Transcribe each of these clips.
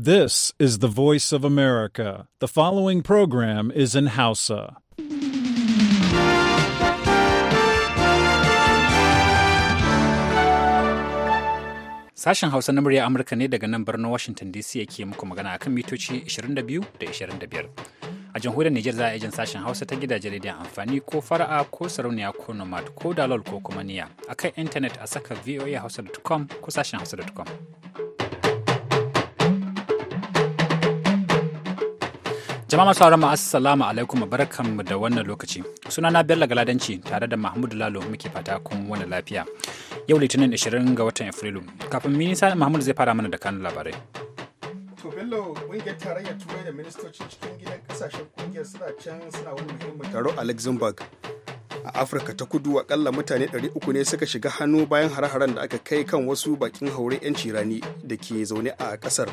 This is the voice of America. The following program is in Hausa. Sashen Hausa na murya Amurka ne daga nan birnin Washington DC yake muku magana akan mitoci 22 da 25. A jamhuriyar Nijar za a ijin sashen Hausa ta gidajen rediyon amfani ko fara'a ko sarauniya ko nomad ko dalol ko kuma niya. A kan intanet a saka voahausa.com ko sashen hausa.com. Jama'a sauran mu assalamu alaikum barkanmu da wannan lokaci. Sunana Bello Galadanci tare da Mahmud Lalo muke fata kun wani lafiya. Yau Litinin 20 ga watan Afrilu. Kafin minisa Mahmud zai fara mana da kan labarai. To Bello ƙungiyar tarayyar Turai da ministocin cikin gidan kasashen ƙungiyar suna can suna wani muhimmin taro a Luxembourg. A Afirka ta kudu akalla mutane 300 ne suka shiga hannu bayan hare-haren da aka kai kan wasu bakin haure 'yanci rani da ke zaune a kasar.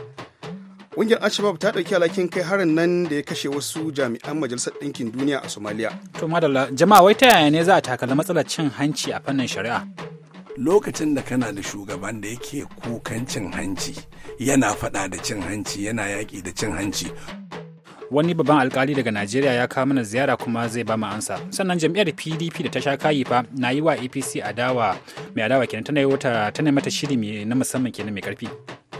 ƙungiyar Al-Shabaab ta ɗauki alhakin kai harin nan da ya kashe wasu jami'an majalisar ɗinkin duniya a somaliya to madalla jama'a wai ta yaya ne za a takala matsalar cin hanci a fannin shari'a lokacin da kana da shugaban da yake kukan cin hanci yana faɗa da cin hanci yana yaƙi da cin hanci wani babban alkali daga najeriya ya kawo mana ziyara kuma zai ba mu ansa sannan jam'iyyar pdp da ta sha kayi fa na yi wa apc adawa mai adawa kenan tana yi mata shiri na musamman kenan mai karfi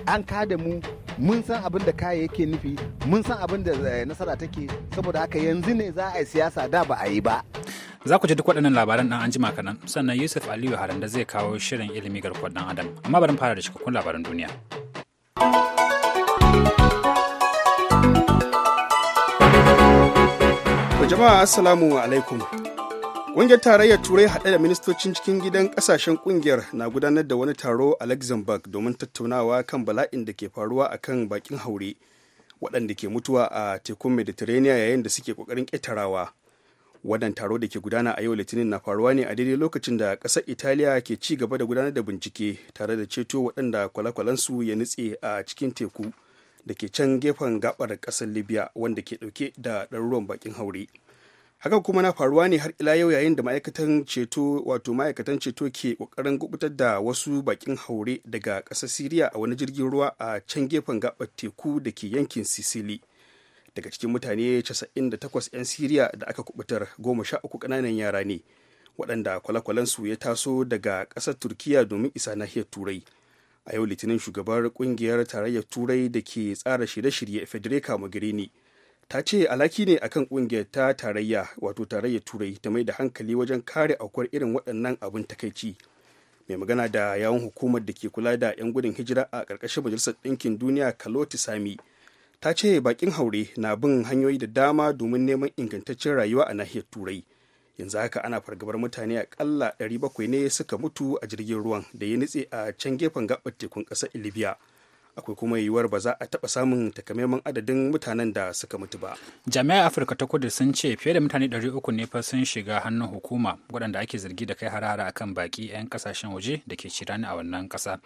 an da mu mun san abin da kaya yake nufi mun san abin da eh, nasara take saboda haka yanzu ne za a yi siyasa da ba a yi ba za ku ji duk waɗannan labaran ɗan jima kanan sannan yusuf aliyu haran da zai kawo shirin ilimi garkuwar ɗan adam amma bari fara da cikakkun labaran duniya jama'a assalamu alaikum Ƙungiyar Tarayyar Turai haɗe da ministocin cikin gidan ƙasashen ƙungiyar na gudanar da wani taro a Luxembourg domin tattaunawa kan bala'in da ke faruwa a kan bakin haure waɗanda ke mutuwa a tekun Mediterranean yayin da suke ƙoƙarin ƙetarawa. Wannan taro da ke gudana a yau Litinin na faruwa ne a daidai lokacin da ƙasar Italiya ke ci gaba da gudanar da bincike tare da ceto waɗanda kwale-kwalensu ya nutse a cikin teku da ke can gefen gaɓar ƙasar Libya wanda ke ɗauke da ɗaruruwan bakin haure. hakan kuma na faruwa ne har ila yau yayin da ma'aikatan ceto wato ma'aikatan ceto ke kokarin gubutar da wasu bakin haure daga ƙasar siriya a wani jirgin ruwa a can gefen gabar teku da ke yankin sicily daga cikin mutane 98 'yan siriya da aka kubutar uku ƙananan yara ne waɗanda kwale-kwalensu ya taso daga ƙasar turkiya domin isa nahiyar turai a yau litinin shugabar ƙungiyar tarayyar turai da ke tsara shirye-shirye federica mogherini ta ce alaki ne akan kungiyar ta tarayya wato tarayyar turai ta mai da hankali wajen kare aukuwar irin waɗannan abin takaici mai magana da yawon hukumar da ke kula da 'yan gudun hijira a ƙarƙashin majalisar ɗinkin duniya kaloti sami ta ce bakin haure na bin hanyoyi da dama domin neman ingantaccen rayuwa a nahiyar turai yanzu haka ana fargabar mutane akalla 700 ne suka mutu a jirgin ruwan da ya nutse a can gefen gaɓar tekun ƙasar libya akwai kuma yiwuwar ba za a taɓa samun takamaiman adadin mutanen da suka mutu ba. jami'an afirka ta kudu sun ce fiye da mutane 300 ne fa sun shiga hannun hukuma waɗanda ake zargi da kai harara akan baki 'yan kasashen waje da ke cirani a wannan ƙasa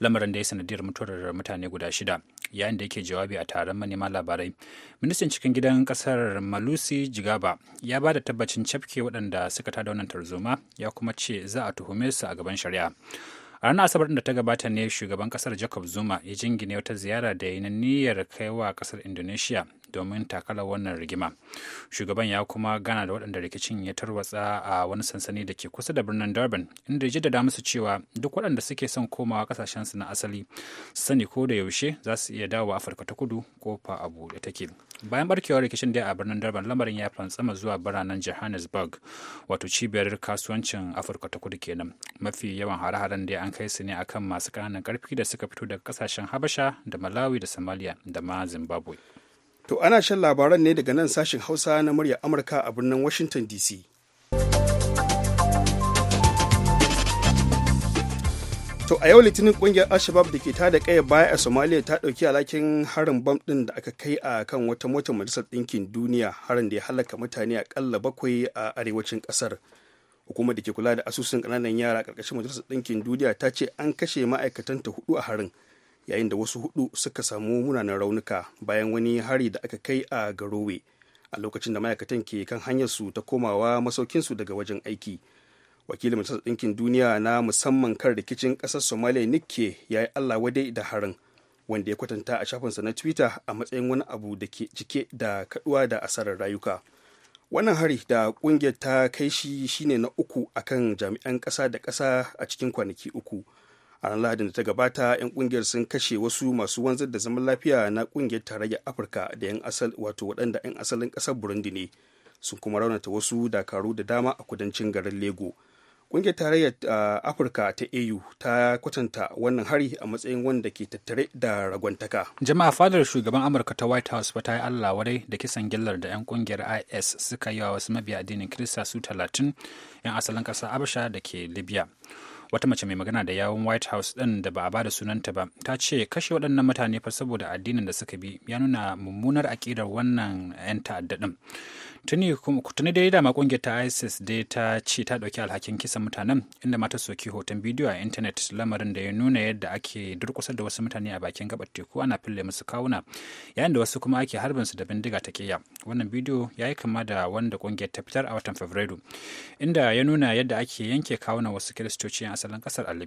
lamarin da ya sanadiyar mutuwar mutane guda shida yayin da yake jawabi a taron manema labarai ministan cikin gidan ƙasar malusi jigaba ya ba da tabbacin cafke waɗanda suka tada wannan tarzoma ya kuma ce za a tuhume su a gaban shari'a a ranar asabar da ta gabata ne shugaban kasar jacob zuma ya jingine wata ziyara da yi niyyar kaiwa kasar indonesia domin takalar wannan rigima shugaban ya kuma gana da waɗanda rikicin ya tarwatsa a wani sansani da ke kusa da birnin durban inda ya da musu cewa duk waɗanda suke son komawa kasashen su na asali sani ko da yaushe za su iya dawo afirka ta kudu ko fa a buɗe take bayan barkewar rikicin da a birnin durban lamarin ya fantsama zuwa biranen johannesburg wato cibiyar kasuwancin afirka ta kudu kenan mafi yawan hare-haren da an kai su ne akan masu ƙananan ƙarfi da suka fito daga kasashen habasha da malawi da somalia da ma zimbabwe To ana shan labaran ne daga nan sashen Hausa na murya Amurka a birnin Washington DC. To a yau litinin kungiyar Alshabab da ke tada kaya baya a Somalia ta ɗauki alhakin harin bam ɗin da aka kai a kan wata motar majalisar ɗinkin duniya harin da ya halaka mutane aƙalla bakwai a arewacin ƙasar. Hukumar da ke kula da asusun ƙananan yara ƙarƙashin majalisar ɗinkin duniya ta ce an kashe ma'aikatanta hudu a harin. yayin da wasu hudu suka samu munanan raunuka bayan wani hari da aka kai a garowe a lokacin da ma'aikatan ke kan hanyar su ta komawa masaukinsu daga wajen aiki wakilin majalisar ɗinkin duniya na musamman kan rikicin ƙasar somalia nikke ya yi allah wadai da harin wanda ya kwatanta a shafinsa na twitter a matsayin wani abu da ke cike da kaduwa da asarar rayuka wannan hari da kungiyar ta kai shi shine na uku akan jami'an ƙasa da ƙasa a cikin kwanaki uku a ranar lahadin da ta gabata 'yan kungiyar sun kashe wasu masu wanzar da zaman lafiya na kungiyar tarayyar afirka da 'yan asal wato waɗanda 'yan asalin kasar burundi ne sun kuma raunata wasu dakaru da dama a kudancin garin lego kungiyar tarayyar afirka ta au ta kwatanta wannan hari a matsayin wanda ke tattare da ragwantaka jama'a fadar shugaban amurka ta white house ta yi allah wadai da kisan gillar da 'yan kungiyar is suka yi wa wasu mabiya addinin kirista su talatin 'yan asalin ƙasar abasha da ke libya wata mace mai magana da yawun white house din da ba a bada sunanta ba ta ce kashe waɗannan mutane fa saboda addinin da suka bi ya nuna mummunar aƙidar wannan 'yan ta'adda tuni dai dama kungiyar ta isis dai ta ce ta ɗauki alhakin kisan mutanen inda mata soki hoton bidiyo a intanet lamarin da ya nuna yadda ake durkusar da wasu mutane a bakin gabar teku ana fille musu kawuna yayin da wasu kuma ake harbin su da bindiga ta kiya wannan bidiyo ya yi kama da wanda kungiyar ta fitar a watan fabrairu inda ya nuna yadda ake yanke kawunan wasu kiristoci asalin kasar a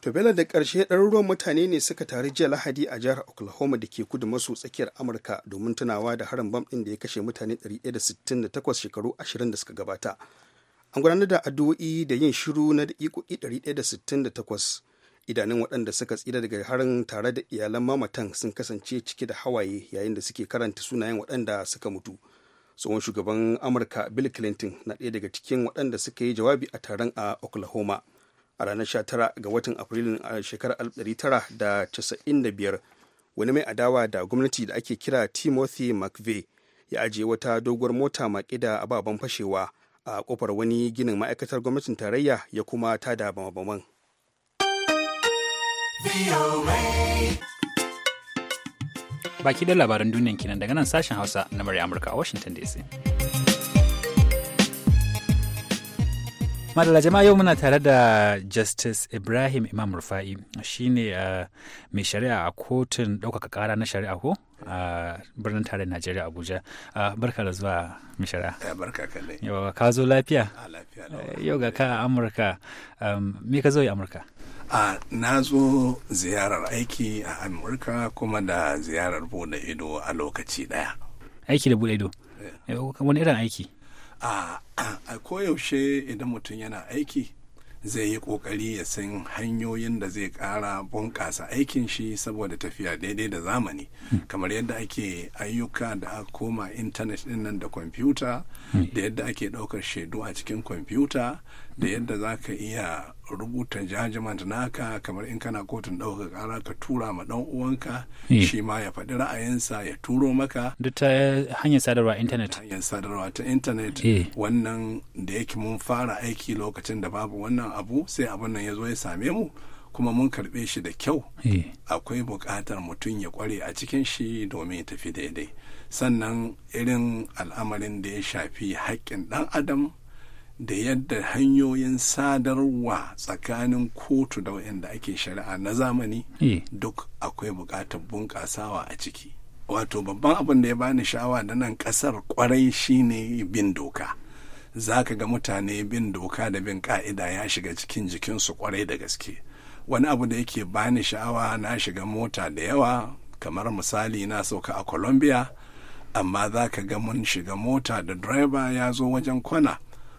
to da karshe ɗaruruwan mutane ne suka taru jiya lahadi a jihar oklahoma da ke kudu maso tsakiyar amurka domin tunawa da harin bam ɗin da ya kashe mutane 168 shekaru 20 da suka gabata an gudanar da addu'o'i da yin shiru na daƙiƙoƙi 168 idanun waɗanda suka tsira daga harin tare da iyalan mamatan sun kasance cike da hawaye yayin da suke karanta sunayen waɗanda suka mutu tsohon shugaban amurka bill clinton na ɗaya daga cikin waɗanda suka yi jawabi a taron a oklahoma a ranar 19 ga watan afrilun a shekarar 1995 wani mai adawa da gwamnati da ake kira timothy mcveigh ya ajiye wata doguwar mota maƙi da ababen fashewa a kofar wani ginin ma'aikatar gwamnatin tarayya ya kuma tada bambaman. baman Baki da labaran duniyan kenan daga nan sashen Hausa na murya Amurka a Washington DC. madala jama'a yau muna tare da justice ibrahim imam rufa'i shine uh, mai shari'a a kotun ɗaukaka ƙara na shari'a ko a birnin tarayyar najeriya abuja uh, barka da zuwa mai shari'a barka kalle yau ka zo lafiya eh, yau ga ka a amurka um, me ka zo yi amurka a na zo ziyarar aiki a amurka kuma da ziyarar bude ido a lokaci daya aiki da bude ido eh. Eh, wani irin aiki a koyaushe idan mutum yana aiki zai yi kokari ya san hanyoyin da zai kara bunƙasa aikin shi saboda tafiya daidai da zamani hmm. kamar yadda ake ayyuka da aka koma intanet din nan da kwamfuta hmm. da yadda ake ɗaukar shaidu a cikin kwamfuta da yadda za ka iya rubuta jajimant naka kamar in kana kotun ɗauka ƙara ka tura ma ɗan uwanka eh. shi ma ya faɗi ra'ayinsa ya turo maka duk ta hanyar sadarwa intanet hanyar sadarwa ta intanet eh. wannan da yake mun fara aiki lokacin da babu wannan abu sai abin nan ya zo ya same mu kuma mun karɓe shi da kyau eh. akwai buƙatar mutum ya ƙware a cikin shi domin ya tafi daidai sannan irin al'amarin da ya shafi haƙƙin ɗan adam da yadda hanyoyin sadarwa tsakanin kotu da waɗanda ake shari'a na zamani e. duk akwai buƙatar bunƙasawa a ciki wato babban abin da ya bani sha'awa da nan ƙasar kwarai shine bin doka za ka ga mutane bin doka da bin ƙa'ida ya shiga cikin jikinsu kwarai da gaske wani abu da yake bani sha'awa na shiga mota da yawa kamar misali na sauka a colombia amma za ka ga mun shiga mota da driver ya zo wajen kwana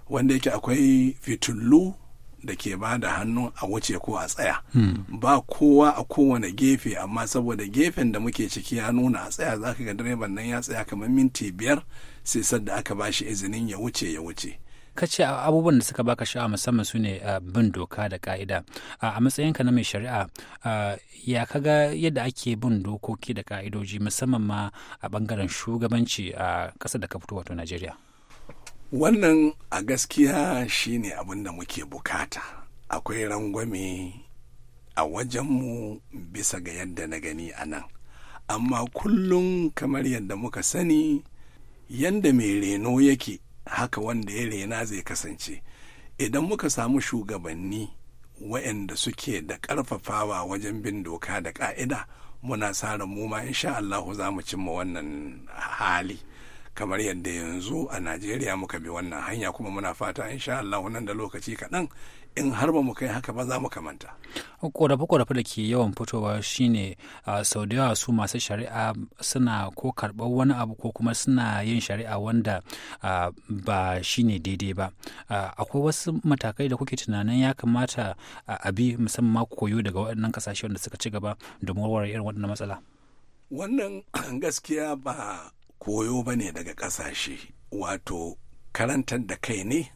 wanda yake akwai fitullu da ke ba da hannu a wuce ko a tsaya hmm. ba kowa a kowane gefe amma saboda gefen da muke ciki ya nuna a tsaya za ka ga direban nan ya tsaya kamar minti biyar sai sadda aka ba shi izinin ya wuce ya wuce ka ce abubuwan da suka baka sha'awa musamman su ne ah, bin doka da ka'ida ah, a matsayinka na mai shari'a ah, ya ga yadda ake bin dokoki da ka'idoji musamman ma a bangaren shugabanci a ƙasar da ka fito wato najeriya wannan a gaskiya shine abin da muke bukata akwai rangwame a wajenmu bisa ga yadda na gani a nan amma kullum kamar yadda muka sani yadda mai reno yake haka wanda ya rena zai kasance idan muka samu shugabanni wa'yanda suke da ƙarfafawa wajen bin doka da ƙa'ida muna sa mu ma insha Allahu za mu cimma wannan hali. kamar yadda yanzu a najeriya muka bi wannan hanya kuma muna fata in sha Allah nan da lokaci kaɗan in har ba mu kai haka ba za mu kamanta. ƙorafe-ƙorafe da ke yawan fitowa shine sau da yawa su masu shari'a suna ko karɓar wani abu ko kuma suna yin shari'a wanda ba shine daidai ba akwai wasu matakai da kuke tunanin ya kamata a bi musamman koyo daga waɗannan kasashe wanda suka ci gaba domin warware irin waɗannan matsala. wannan gaskiya ba koyo ba ne daga ƙasashe wato karantar da kai ne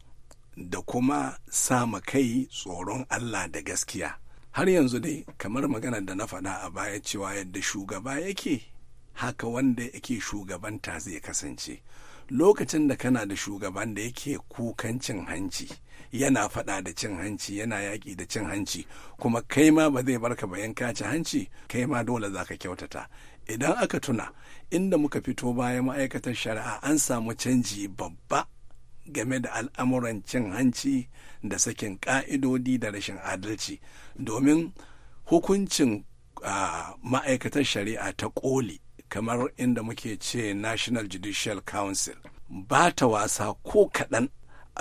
da kuma sama kai tsoron Allah da gaskiya har yanzu dai kamar maganar da na faɗa a baya cewa yadda shugaba yake haka wanda yake shugabanta zai kasance lokacin da kana da shugaban da yake kukan cin hanci yana faɗa da cin hanci yana yaƙi da cin hanci kuma kai ma ba zai barka ba yanka ci hanci kai ma dole za ka kyautata idan aka tuna inda muka fito bayan ma'aikatar shari'a an samu canji babba game da al'amuran cin hanci da sakin ƙa'idodi da rashin adalci domin hukuncin ma'aikatar shari'a ta ƙoli kamar inda muke ce national judicial council ba ta wasa ko kaɗan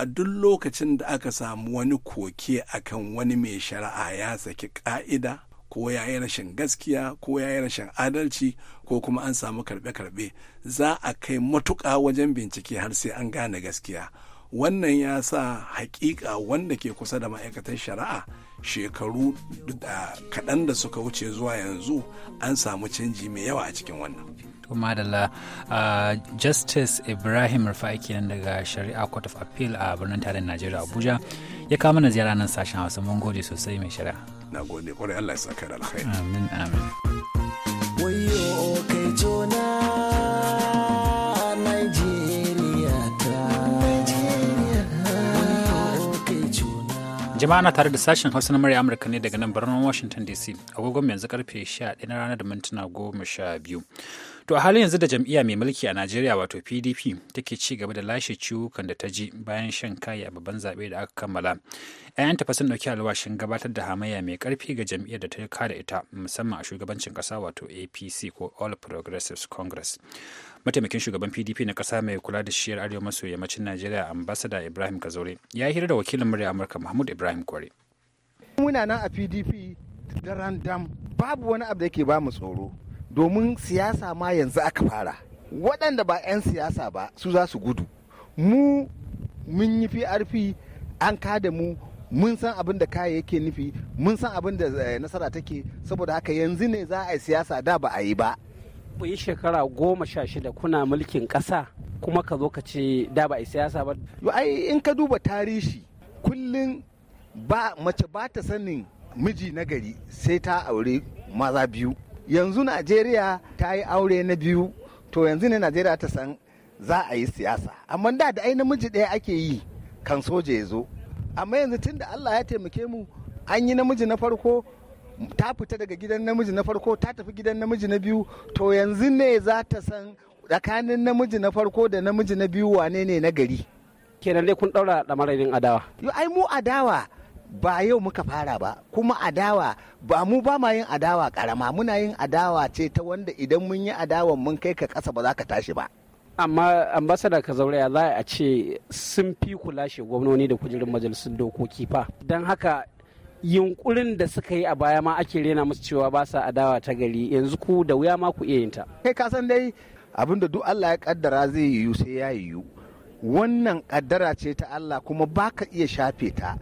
a duk lokacin da aka samu wani koke akan wani mai shari'a ya saki ka'ida ko ya yi rashin gaskiya ko ya yi rashin adalci ko kuma an samu karbe-karbe za a kai matuƙa wajen bincike har sai an gane gaskiya wannan ya sa haƙiƙa wanda ke kusa da ma'aikatar shari'a shekaru kaɗan da suka wuce zuwa yanzu an samu canji mai yawa a cikin wannan. to madalla uh, justice ibrahim rufai kenan daga shari'a court of appeal a birnin tarin najeriya abuja ya kama na ziyara nan sashen hausa mun gode sosai mai shari'a na gode kwarai allah ya saka da alkhairi amin amin wayo kai jona jama'a na tare da sashen hausa na murya amurka ne daga nan birnin washington dc agogon yanzu karfe 11 na ranar da mintuna 12 to a halin yanzu da jam'iyya mai mulki a najeriya wato pdp take ci gaba da lashe ciwukan da ta ji bayan shan kayi a babban zaɓe da aka kammala 'ya'yanta fa sun ɗauki alwashin gabatar da hamayya mai ƙarfi ga jam'iyyar da ta kada ita musamman a shugabancin ƙasa wato apc ko all progressives congress mataimakin shugaban pdp na ƙasa mai kula da shiyar arewa maso yammacin najeriya ambasada ibrahim kazore ya hira da wakilin murya amurka mahmud ibrahim kware muna nan a pdp da randam babu wani abu da yake ba mu tsoro domin siyasa ma yanzu aka fara waɗanda ba 'yan siyasa ba su za su gudu mu mun yi prp an kada mu mun san abin da kaya yake nufi mun san abin da eh, nasara take saboda haka yanzu ne za a yi siyasa da ba a yi ba ku yi shekara goma sha shida kuna mulkin ƙasa kuma ka zo ka ce da ba a yi siyasa ba ai in ka duba tarihi kullum ba mace ba ta sanin miji na gari sai ta aure maza biyu yanzu najeriya ta yi aure na biyu to yanzu ne najeriya ta san za a yi siyasa amma da da ai namiji ɗaya ake yi kan soja ya zo amma yanzu tun da allah ya taimake mu an yi namiji na farko ta fita daga gidan namiji na farko ta tafi gidan namiji na biyu to yanzu ne za ta san tsakanin namiji na farko da namiji na biyu wane ne na gari kenan dai kun daura da marayin adawa yo ai mu adawa ba yau muka fara ba kuma adawa ba mu ba ma yin adawa karama muna yin adawa ce ta wanda idan mun yi adawa mun kai ka kasa ba za ka tashi ba amma ambasada ka zaure za a ce sun fi kula shi gwamnoni da kujerun majalisun dokoki fa don haka yunkurin da suka yi a baya ma ake rena musu cewa ba sa adawa ta gari yanzu ku da wuya ma ku iya yin ta kai ka san dai abin da duk Allah ya kaddara zai yiwu sai ya yiwu wannan kaddara ce ta Allah kuma baka iya shafe ta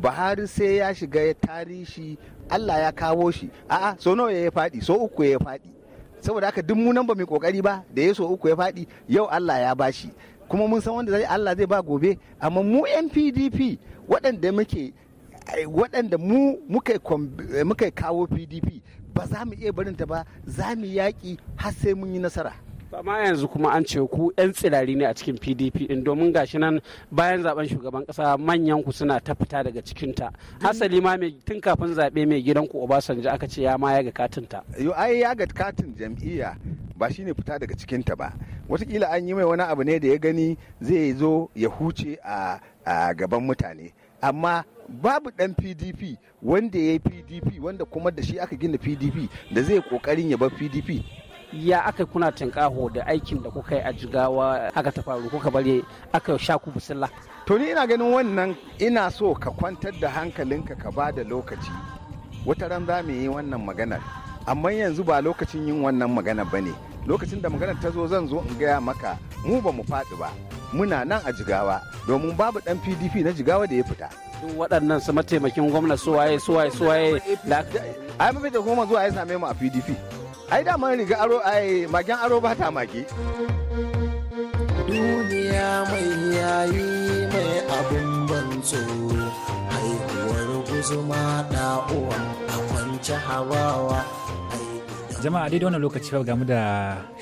buhari sai ya shiga ya tari shi allah ya kawo shi a'a so nawa ya faɗi so uku ya faɗi saboda haka duk munan ba mai kokari ba da ya so uku ya faɗi yau allah ya bashi kuma mun san wanda zai allah zai ba gobe amma mu yan pdp waɗanda muke waɗanda mu muka kawo pdp ba za mu iya barinta ba za mu yaƙi har sai mun yi nasara ma yanzu kuma an ce ku 'yan tsirari ne a cikin pdp din domin gashi nan bayan zaben shugaban kasa manyan ku suna ta fita daga cikinta asali ma mai tun kafin zaɓe mai gidanku obasanjo aka ce ya ma ya ga katinta yo ai ya ga katin jam'iyya ba shine fita daga cikinta ba watakila an yi mai wani abu ne da ya gani zai zo ya huce a gaban mutane amma babu dan pdp wanda ya yi pdp wanda kuma da shi aka gina pdp da zai kokarin ya bar pdp ya aka kuna tinkaho da aikin da kuka yi a jigawa aka ta faru kuka bari aka sha ku busilla to ni ina ganin wannan ina so ka kwantar da hankalinka ka ba da lokaci wata ran za mu yi wannan maganar amma yanzu ba lokacin yin wannan magana ba ne lokacin da maganar ta zo zan zo in gaya maka mu ba mu faɗi ba muna nan a jigawa domin babu ɗan pdp na jigawa da ya fita waɗannan su mataimakin gwamna suwaye suwaye suwaye ai mafi da goma zuwa ya same mu a pdp ai daman riga aro ai magen aro ba ta magi duniya mai yayi mai abin banzo haihuwar guzuma da uwa a kwanci hawawa jama'a daidai wannan lokaci ga mu da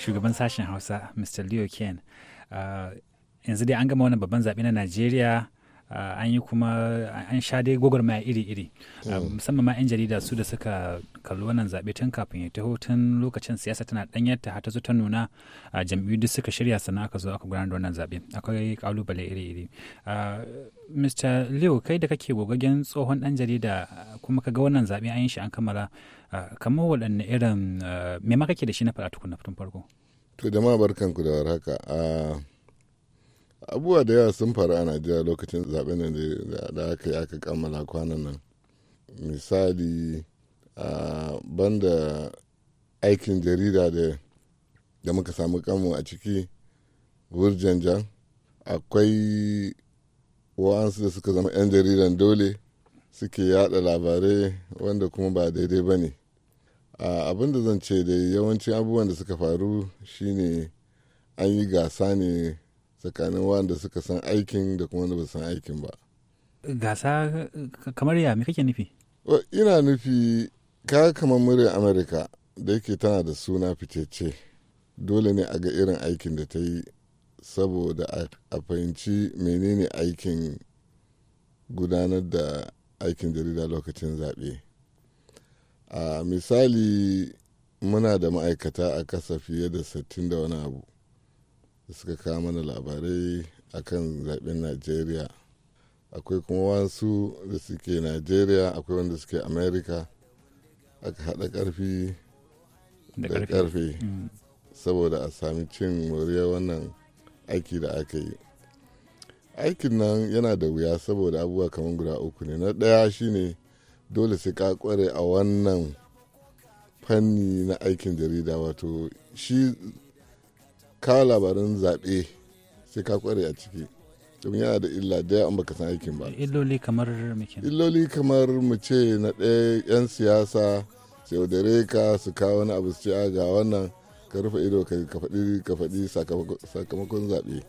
shugaban sashen hausa mr leo ken ah, yanzu dai an gama wannan babban zaɓe na najeriya Eh, an yi kuma an sha dai gwagwarmaya iri-iri eh, hmm. musamman ma 'yan jarida su da suka kalli wannan zaɓe tun kafin ya taho tun lokacin siyasa tana ɗanyarta har ta zo ta nuna eh, jam'iyyu duk suka shirya sannan aka zo aka gudanar da wannan zaɓe akwai kalubale iri-iri mr leo kai da kake gogagen tsohon ɗan jarida kuma ka ga wannan zaɓe an yi shi an kammala kamar waɗanne irin me ma kake da shi na faɗa tukun na farko to jama'a barkanku da warhaka ah, abubuwa da yawa sun faru a najeriya lokacin zaben da aka yi aka kammala kwanan nan misali a banda aikin jarida da muka samu kanmu a ciki wurjanjan akwai wa'ansu da suka zama 'yan jaridan dole suke yada labarai wanda kuma ba daidai ba ne abin da zan ce da yawancin abubuwan da suka faru shine an yi gasa ne tsakanin wanda suka san aikin da kuma wanda ba san aikin ba gasa kamar ya me kake nufi ina nufi ka kamar muryar amurka da yake tana da suna ficece dole ne a ga irin aikin da ta yi saboda a fahimci menene aikin gudanar da aikin jarida lokacin zaɓe a misali muna da ma'aikata a kasa fiye da sattin da wani abu da suka kawo mana labarai a kan zaɓen najeriya akwai kuma wasu da suke najeriya akwai wanda suke amerika aka haɗa ƙarfi da ƙarfe mm. saboda a sami cin moriya wannan aiki da aka yi aikin nan yana da wuya saboda abubuwa kamar guda uku ne na ɗaya shine dole sai ka kware a wannan fanni na aikin jarida wato shi Ka labarin zaɓe sai ka kware a ciki domin yana da illa da yawan baka san aikin ba illoli kamar muke illoli kamar mu na ɗaya yan siyasa sai yaudare ka su kawo wani abu su ce ga wannan ka rufe ido ka faɗi ka faɗi sakamakon zaɓe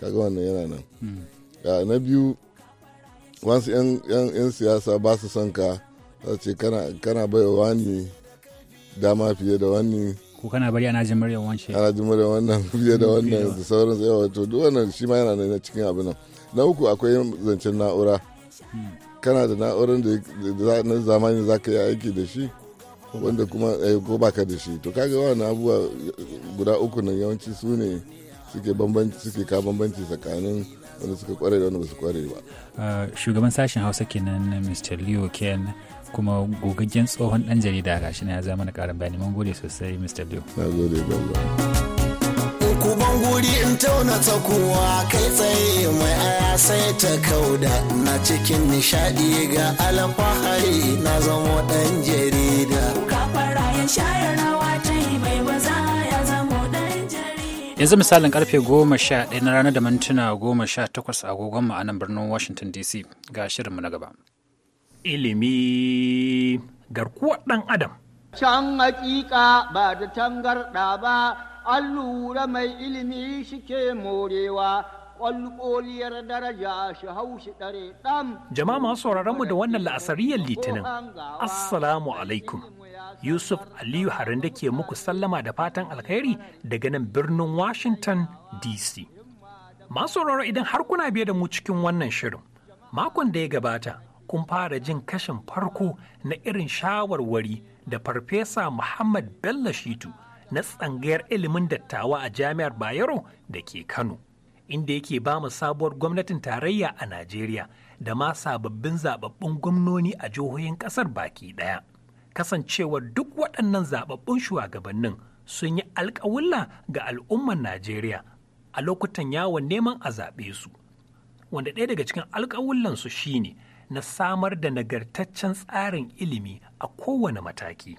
kaga wannan yana nan hmm. na biyu wasu yan siyasa ba su son ka za ce kana baiwa wani dama fiye da wani ko kana bari ana jin murya wance ana jin murya wannan fiye da wannan da sauran su wato to duk wannan shi ma yana na cikin abin nan na uku akwai zancen na'ura kana da na'urar da na zamani za ka yi aiki da shi wanda kuma eh, ko baka da shi to kaga wannan abubuwa guda uku nan yawanci su ne suke bambanci suke ka bambanci tsakanin wanda suka kware da wanda ba su kware ba eh, shugaban sashen hausa kenan mr leo ken kuma gogaggen tsohon dan jarida gashi na ya zama na karin bayani mun gode sosai Mr. Leo. Na gode in tauna ta kowa kai tsaye mai aya sai ta kauda na cikin nishadi ga alfahari na zamo dan jarida. Yanzu misalin karfe goma sha daya na ranar da mintuna goma sha takwas agogon mu birnin Washington DC ga shirinmu na gaba. ilimi garkuwar ɗan adam. Can hakika ba da tangarɗa ba, an lura mai ilimi shike morewa, ƙwalƙoliyar daraja shi hau shi ɗare ɗan. Jama'a masu sauraron mu da wannan la'asariyar litinin, Assalamu alaikum. Yusuf Aliyu Harin da ke muku sallama da fatan alkhairi daga nan birnin Washington DC. Masu sauraro idan har kuna biye da mu cikin wannan shirin, makon da ya gabata, kun fara jin kashin farko na irin shawarwari da farfesa Muhammad Bello Shitu na tsangayar ilimin dattawa a jami'ar Bayero da ke Kano, inda yake ba mu sabuwar gwamnatin tarayya a Najeriya da ma sababbin zababbun gwamnoni a jihohin ƙasar baki ɗaya. Kasancewar duk waɗannan zababbun shugabannin sun yi alƙawulla ga al'ummar Najeriya a lokutan yawon neman a zaɓe su, wanda ɗaya daga cikin alƙawullansu shine na samar da nagartaccen tsarin ilimi a kowane mataki.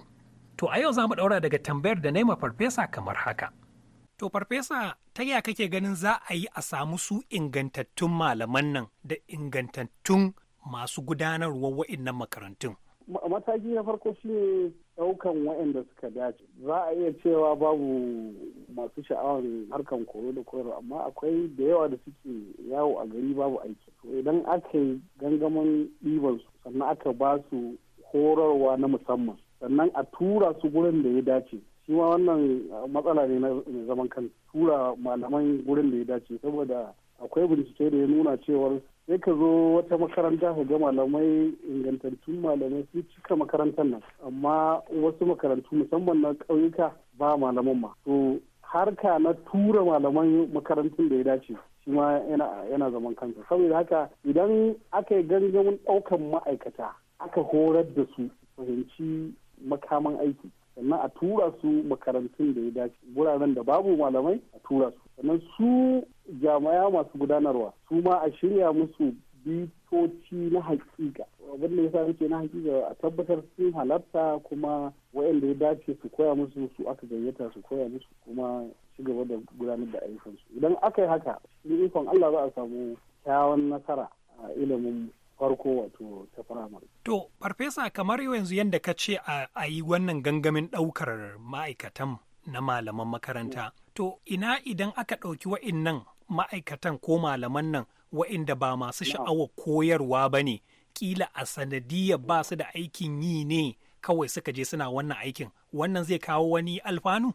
To a yau za mu ɗaura daga tambayar da naima farfesa kamar haka. To farfesa ta ya kake ganin za a yi a samu su ingantattun malaman nan da ingantattun masu gudanarwa wa'innan makarantun? Mataki na farko shi ɗaukan waɗanda suka dace za a iya cewa babu masu sha'awar harkan koyo da koyarwa amma akwai da yawa da suke yawo a gari babu aiki idan aka yi gangamin ɗiban su sannan aka ba su horarwa na musamman sannan a tura su gurin da ya dace shi ma wannan matsala ne na zaman kan tura malaman gurin da ya dace saboda akwai bincike da ya nuna cewar sai ka zo wata makaranta ka ga malamai ingantattun malamai sun cika makarantar nan amma wasu makarantu musamman na ƙauyuka ba malaman ma to harka na tura malaman makarantun da ya dace shi ma yana zaman kansa saboda haka idan aka yi gangamin ɗaukan ma'aikata aka horar da su fahimci makaman aiki sannan a tura su makarantun da ya dace guraren da babu malamai a tura su sannan su jami'a masu gudanarwa su ma a shirya musu bitoci na hakika abin da yasa na hakika a tabbatar sun halarta kuma waɗanda ya dace su koya musu su aka gayyata su koya musu kuma ci gaba da gudanar da ayyukansu idan aka yi haka ni ikon Allah za a samu kyawun nasara a ilimin farko wato ta firamare. To, farfesa kamar yanzu yadda ka ce a yi wannan gangamin ɗaukar ma'aikatan na malaman makaranta. To, ina idan aka ɗauki wa'innan ma'aikatan ko malaman nan wa'inda ba masu sha'awar koyarwa ba ne, kila a sanadiyar ba su da aikin yi ne kawai suka je suna wannan aikin, wannan zai kawo wani alfanu?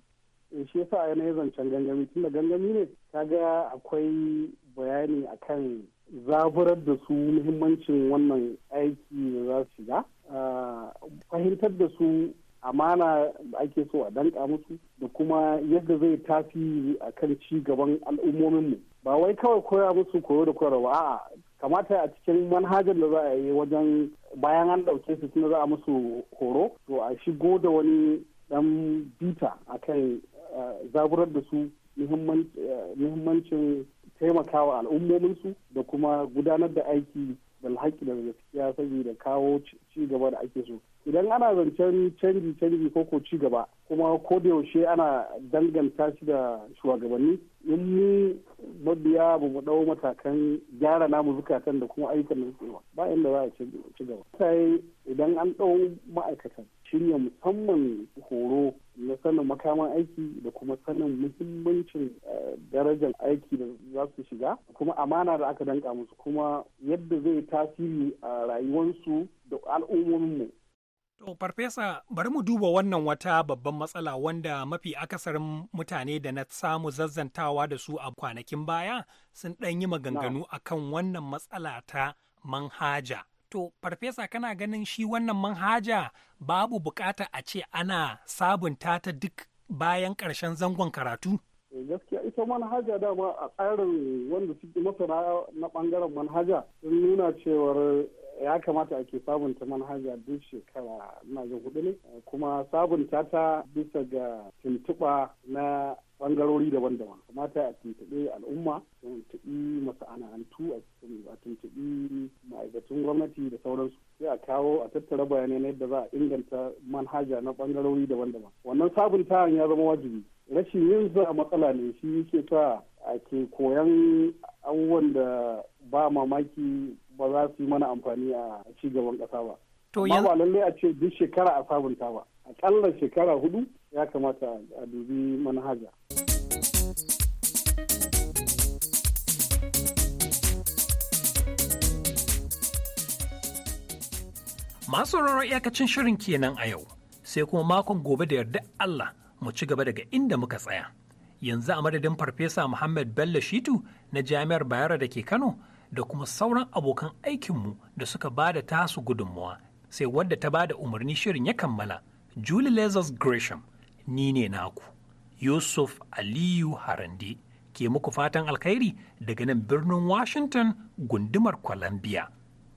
Eh, shi yasa yana zancen gangami tunda gangami ne kaga akwai bayani akan zaburar da su muhimmancin wannan aiki da za su shiga fahimtar da su amana da ake so a danka musu da kuma yadda zai tafi a kan ci gaban al'ummominmu ba wai kawai koya musu koyo da ba a kamata a cikin manhajar da za a yi wajen bayan an ɗauke su tun za a musu horo to a shigo da wani ɗan bita akan zaburar da su eh, muhimmancin taimakawa al'ummominsu da kuma gudanar da aiki da alhaki da gaskiya saboda kawo ci gaba da ake so idan ana zancen canji canji ko ko ci gaba kuma ko da yaushe ana danganta shi da shugabanni in mu mabiya ba mu dau matakan gyara namu zukatan da kuma ayyukan da suke ba inda za a ci gaba sai idan an dau ma'aikatan shirya musamman horo na sanin makaman aiki da kuma sanin muhimmancin eh, darajar aiki da za su shiga kuma amana da aka danka musu kuma yadda zai tasiri a rayuwarsu da al'ummominmu To, Farfesa, bari mu duba wannan wata babban matsala wanda mafi akasarin mutane da na samu zazzantawa da su a kwanakin baya sun ɗan yi maganganu akan wannan matsala ta manhaja. To, Farfesa kana ganin shi wannan manhaja babu bukata a ce ana sabunta ta duk bayan ƙarshen zangon karatu? Eh, gaskiya ita manhaja dama a tsarin wanda suke masana na bangaren manhaja sun nuna cewar ya kamata ake sabunta manhaja duk shekara na jin hudu ne kuma sabunta ta bisa ga tuntuɓa na bangarori daban-daban kamata a tuntuɓi al'umma a tuntuɓi masana'antu a cikin a tuntuɓi ma'aikatun gwamnati da sauransu sai a kawo a tattara bayanai na yadda za a inganta manhaja na bangarori daban-daban wannan sabuntawan ya zama wajibi rashin yin za matsala ne shi yake sa ake koyan abubuwan da ba mamaki ba za su yi mana amfani a ci gaban ƙasa ba. To ba lallai a ce duk shekara a sabunta ba. Akalla shekara hudu ya kamata a dubi manhaja. Masu rarar iyakacin shirin kenan a yau, sai kuma makon gobe da yarda Allah mu ci gaba daga inda muka tsaya. Yanzu a madadin Farfesa Muhammad Bello Shitu na Jami'ar Bayero da ke Kano da kuma sauran abokan aikinmu da suka ba da tasu gudunmawa sai wadda ta ba da umarni shirin ya kammala Julie Lazarus Gresham ni ne naku Yusuf Aliyu Harande ke muku fatan alkhairi daga nan birnin Washington gundumar Columbia.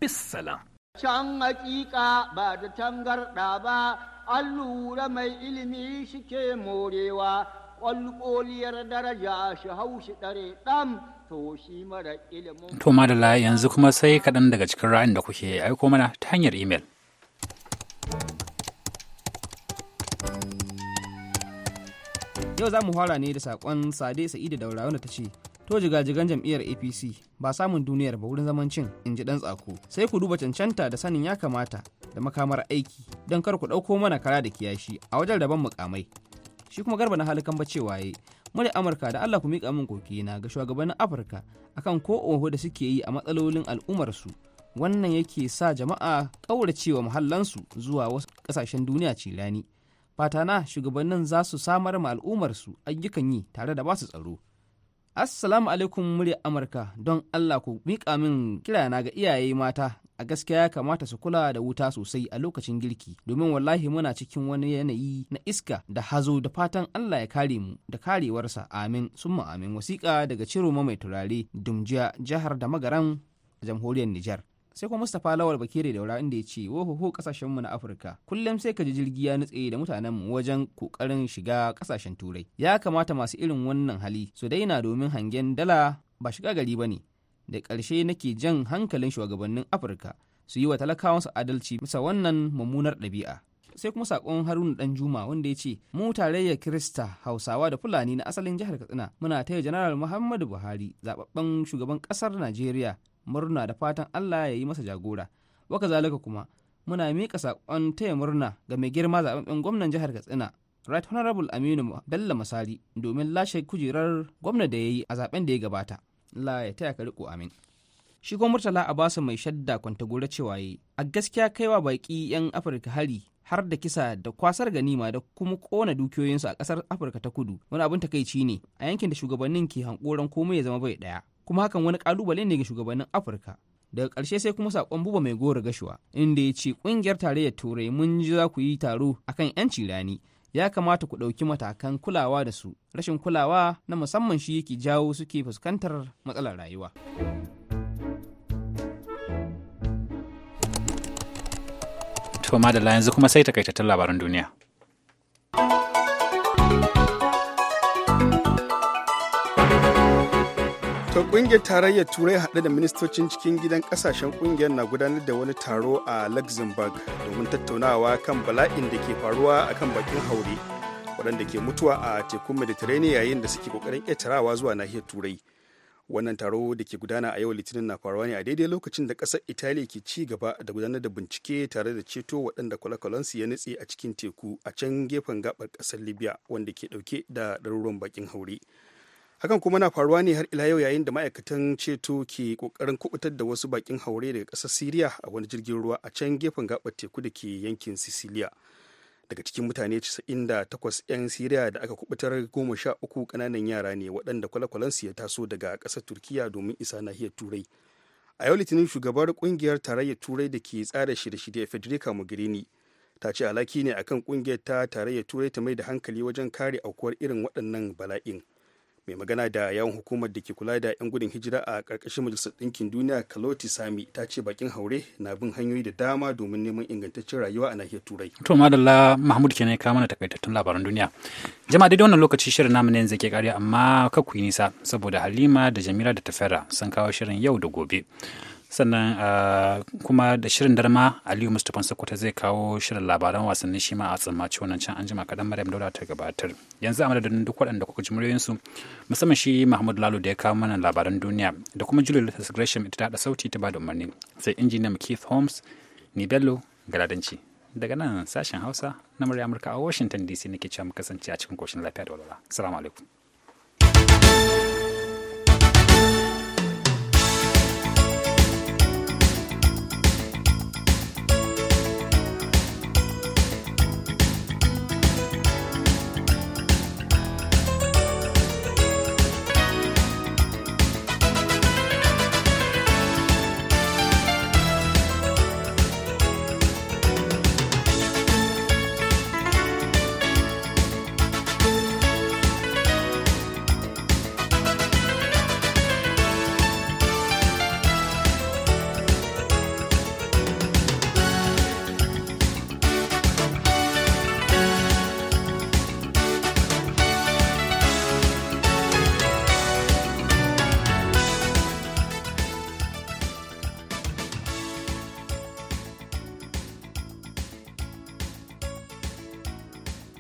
Bissalam. Can hakika ba da tangarɗa ba, an lura mai ilimi shi ke morewa, ƙwalƙoliyar daraja shi haushi ɗare ɗam. To layi yanzu kuma sai kaɗan daga cikin ra'ayin da kuke aiko mana ta hanyar imel. Yau za mu fara ne da saƙon Sade Sa'idu Daura wanda ta ce, To jigajigan jam'iyyar APC ba samun duniyar ba wurin zaman cin in ji ɗan tsako. Sai ku duba cancanta da sanin ya kamata da makamar aiki don kar ku ɗauko mana kara da kiyashi a wajen rabon mukamai. Shi kuma garba na halikan bacewaye cewa murya amurka da allah ku miƙa min kokina ga shugabannin afirka akan ko oho da suke yi a matsalolin al'ummarsu wannan yake sa jama'a ƙauracewa muhallansu zuwa wasu ƙasashen duniya ce fata na shugabannin za su samar ma al'ummarsu ayyukan yi tare da basu tsaro assalamu alaikum muryar amurka don allah ku miƙa min kirana ga iyaye mata a gaskiya ya kamata su kula da wuta sosai a lokacin girki domin wallahi muna cikin wani yanayi na iska da hazo da fatan Allah ya kare mu da karewarsa amin summa amin wasiƙa daga Ciroma mai turare Dumjiya jihar da magaran jamhuriyar Nijar sai kuma Mustapha Lawal Bakire da wura inda ya ce ho, kasashenmu na Afirka kullum sai ka ji jirgi ya nutse da mutanenmu wajen kokarin shiga kasashen turai ya kamata masu irin wannan hali su daina domin hangen dala ba shiga gari bane da ƙarshe nake jan hankalin shugabannin afirka su yi wa talakawansu adalci bisa wannan mummunar ɗabi'a sai kuma saƙon haruna dan juma wanda ya ce mu tarayyar kirista hausawa da fulani na asalin jihar katsina muna taya janaral muhammadu buhari zaɓaɓɓen shugaban ƙasar najeriya murna da fatan allah ya yi masa jagora waka zalika kuma muna miƙa saƙon taya murna ga mai girma zababben gwamnan jihar katsina right honorable aminu bello masari domin lashe kujerar gwamnan da ya yi a zaben da ya gabata Allah ya taya ka riko amin shi kuma murtala basu mai shadda gura cewa yi a gaskiya wa baki yan afirka hari har da kisa da kwasar ganima da kuma kona dukiyoyinsu a kasar afirka ta kudu wani abin takaici ne a yankin da shugabannin ke hankoron komai ya zama bai ɗaya. kuma hakan wani ƙalubale ne ga shugabannin afirka daga ƙarshe sai kuma sakon buba mai gora gashuwa inda ya ce ƙungiyar tarayyar turai mun ji za ku yi taro akan 'yancin rani ya kamata ku ɗauki matakan kulawa da su rashin kulawa na musamman shi yake jawo suke fuskantar matsalar rayuwa to da yanzu kuma sai takaitattun labaran duniya To kungiyar tarayyar turai haɗe da ministocin cikin gidan ƙasashen kungiyar na gudanar da wani taro a Luxembourg domin tattaunawa kan bala'in da ke faruwa a kan bakin haure waɗanda ke mutuwa a tekun Mediterranean yayin da suke kokarin ƙetarawa zuwa nahiyar turai. Wannan taro da ke gudana a yau litinin na faruwa ne a daidai lokacin da ƙasar Italiya ke ci gaba da gudanar da bincike tare da ceto waɗanda kwale ya nutse a cikin teku a can gefen gabar ƙasar Libya wanda ke ɗauke da ɗaruruwan bakin haure. hakan kuma na faruwa ne har ila yau yayin da ma'aikatan ceto ke kokarin kubutar da wasu bakin haure daga kasar siriya a wani jirgin ruwa a can gefen gabar teku da ke yankin sicilia daga cikin mutane 98 'yan siriya da aka kubutar uku kananan yara ne waɗanda kwale-kwalensu ya taso daga ƙasar turkiya domin isa nahiyar turai a yau litinin shugabar kungiyar tarayyar turai da ke tsara shirye-shirye federica mogherini ta ce alaki ne akan kungiyar ta tarayyar turai ta mai da hankali wajen kare aukuwar irin waɗannan bala'in mai magana da yawon hukumar da ke kula da 'yan gudun hijira a ƙarƙashin majalisar ɗinkin duniya kaloti sami ta ce bakin haure na bin hanyoyi da dama domin neman ingantaccen rayuwa a nahiyar turai to madalla mahmud kenan kama mana takaitattun labaran duniya jama'a daidai wannan lokaci shirin namu ne yanzu ke kare amma ku yi nisa saboda halima da jamila da tafera sun kawo shirin yau da gobe sannan ah, kuma da shirin darma aliyu mustapha sokoto zai kawo shirin labaran wasannin shi ma a tsammaci wannan can an jima kaɗan maryam daura ta gabatar yanzu a madadin duk waɗanda kuka ji muryoyinsu musamman shi mahmud lalu da ya kawo mana labaran duniya da kuma julie lucas ita ta haɗa sauti ta da umarni sai injiniyan keith holmes ni bello galadanci daga nan sashen hausa na murya amurka a washington dc nake cewa mu kasance a cikin koshin lafiya da walwala assalamu alaikum